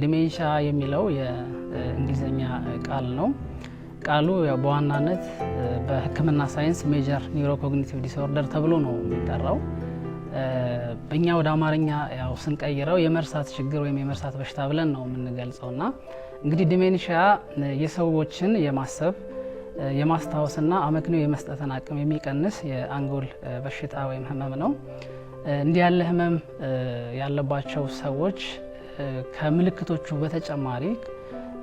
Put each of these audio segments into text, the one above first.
ዲሜንሻ የሚለው የእንግሊዝኛ ቃል ነው። ቃሉ በዋናነት በሕክምና ሳይንስ ሜጀር ኒውሮኮግኒቲቭ ዲስኦርደር ተብሎ ነው የሚጠራው። በእኛ ወደ አማርኛ ያው ስንቀይረው የመርሳት ችግር ወይም የመርሳት በሽታ ብለን ነው የምንገልጸው እና እንግዲህ ዲሜንሻ የሰዎችን የማሰብ የማስታወስና አመክንዮ የመስጠትን አቅም የሚቀንስ የአንጎል በሽታ ወይም ህመም ነው። እንዲህ ያለ ህመም ያለባቸው ሰዎች ከምልክቶቹ በተጨማሪ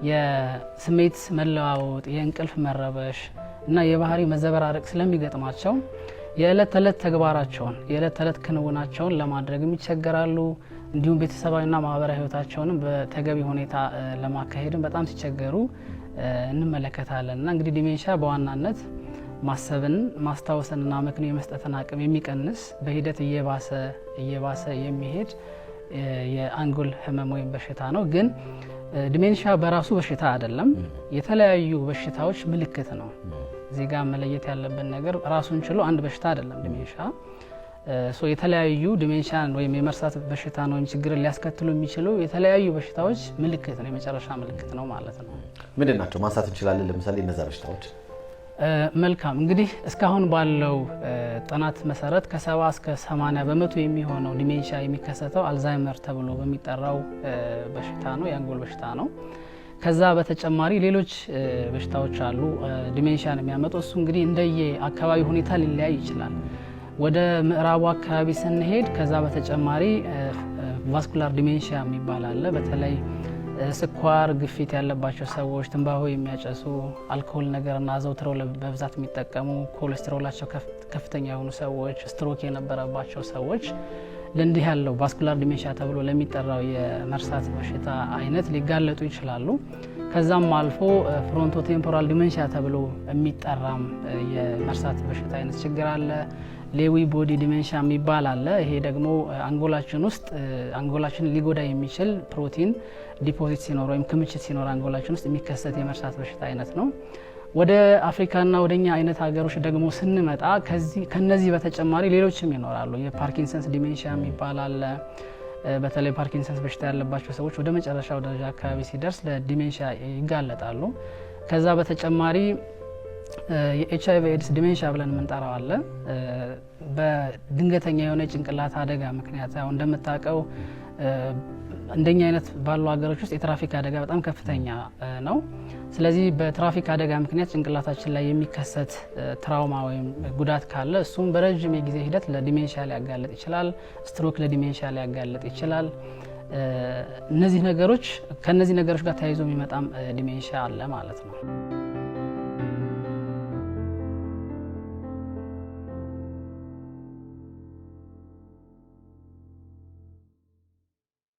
የስሜት መለዋወጥ፣ የእንቅልፍ መረበሽ እና የባህሪ መዘበራረቅ ስለሚገጥማቸው የዕለት ተዕለት ተግባራቸውን የዕለት ተዕለት ክንውናቸውን ለማድረግም ይቸገራሉ። እንዲሁም ቤተሰባዊና ማህበራዊ ህይወታቸውንም በተገቢ ሁኔታ ለማካሄድም በጣም ሲቸገሩ እንመለከታለን እና እንግዲህ ዲሜንሻ በዋናነት ማሰብን ማስታወስንና አመክንዮ የመስጠትን አቅም የሚቀንስ በሂደት እየባሰ እየባሰ የሚሄድ የአንጎል ህመም ወይም በሽታ ነው። ግን ዲሜንሻ በራሱ በሽታ አይደለም፣ የተለያዩ በሽታዎች ምልክት ነው። እዚህ ጋር መለየት ያለብን ነገር ራሱን ችሎ አንድ በሽታ አይደለም ዲሜንሻ። የተለያዩ ዲሜንሻን ወይም የመርሳት በሽታን ወይም ችግርን ሊያስከትሉ የሚችሉ የተለያዩ በሽታዎች ምልክት ነው፣ የመጨረሻ ምልክት ነው ማለት ነው። ምንድን ናቸው ማንሳት እንችላለን? ለምሳሌ እነዛ በሽታዎች መልካም እንግዲህ እስካሁን ባለው ጥናት መሰረት ከሰባ እስከ 80 በመቶ የሚሆነው ዲሜንሻ የሚከሰተው አልዛይመር ተብሎ በሚጠራው በሽታ ነው፣ የአንጎል በሽታ ነው። ከዛ በተጨማሪ ሌሎች በሽታዎች አሉ ዲሜንሻን የሚያመጡ። እሱ እንግዲህ እንደየ አካባቢ ሁኔታ ሊለያይ ይችላል። ወደ ምዕራቡ አካባቢ ስንሄድ ከዛ በተጨማሪ ቫስኩላር ዲሜንሺያ የሚባል አለ በተለይ ስኳር፣ ግፊት ያለባቸው ሰዎች፣ ትንባሆ የሚያጨሱ፣ አልኮል ነገርና አዘውትረው በብዛት የሚጠቀሙ፣ ኮሌስትሮላቸው ከፍተኛ የሆኑ ሰዎች፣ ስትሮክ የነበረባቸው ሰዎች ለእንዲህ ያለው ቫስኩላር ዲሜንሽያ ተብሎ ለሚጠራው የመርሳት በሽታ አይነት ሊጋለጡ ይችላሉ። ከዛም አልፎ ፍሮንቶ ቴምፖራል ዲሜንሽያ ተብሎ የሚጠራም የመርሳት በሽታ አይነት ችግር አለ። ሌዊ ቦዲ ዲሜንሽያ የሚባል አለ። ይሄ ደግሞ አንጎላችን ውስጥ አንጎላችን ሊጎዳ የሚችል ፕሮቲን ዲፖዚት ሲኖር ወይም ክምችት ሲኖር አንጎላችን ውስጥ የሚከሰት የመርሳት በሽታ አይነት ነው። ወደ አፍሪካና ወደኛ አይነት ሀገሮች ደግሞ ስንመጣ ከነዚህ በተጨማሪ ሌሎችም ይኖራሉ። የፓርኪንሰንስ ዲሜንሽያ የሚባል አለ። በተለይ ፓርኪንሰንስ በሽታ ያለባቸው ሰዎች ወደ መጨረሻው ደረጃ አካባቢ ሲደርስ ለዲሜንሽያ ይጋለጣሉ። ከዛ በተጨማሪ የኤች አይቪ ኤድስ ዲሜንሽያ ብለን የምንጠራው አለ። በድንገተኛ የሆነ ጭንቅላት አደጋ ምክንያት ያው እንደምታውቀው እንደኛ አይነት ባሉ ሀገሮች ውስጥ የትራፊክ አደጋ በጣም ከፍተኛ ነው። ስለዚህ በትራፊክ አደጋ ምክንያት ጭንቅላታችን ላይ የሚከሰት ትራውማ ወይም ጉዳት ካለ እሱም በረዥም የጊዜ ሂደት ለዲሜንሻ ሊያጋለጥ ይችላል። ስትሮክ ለዲሜንሻ ሊያጋለጥ ይችላል። እነዚህ ነገሮች ከእነዚህ ነገሮች ጋር ተያይዞ የሚመጣም ዲሜንሻ አለ ማለት ነው።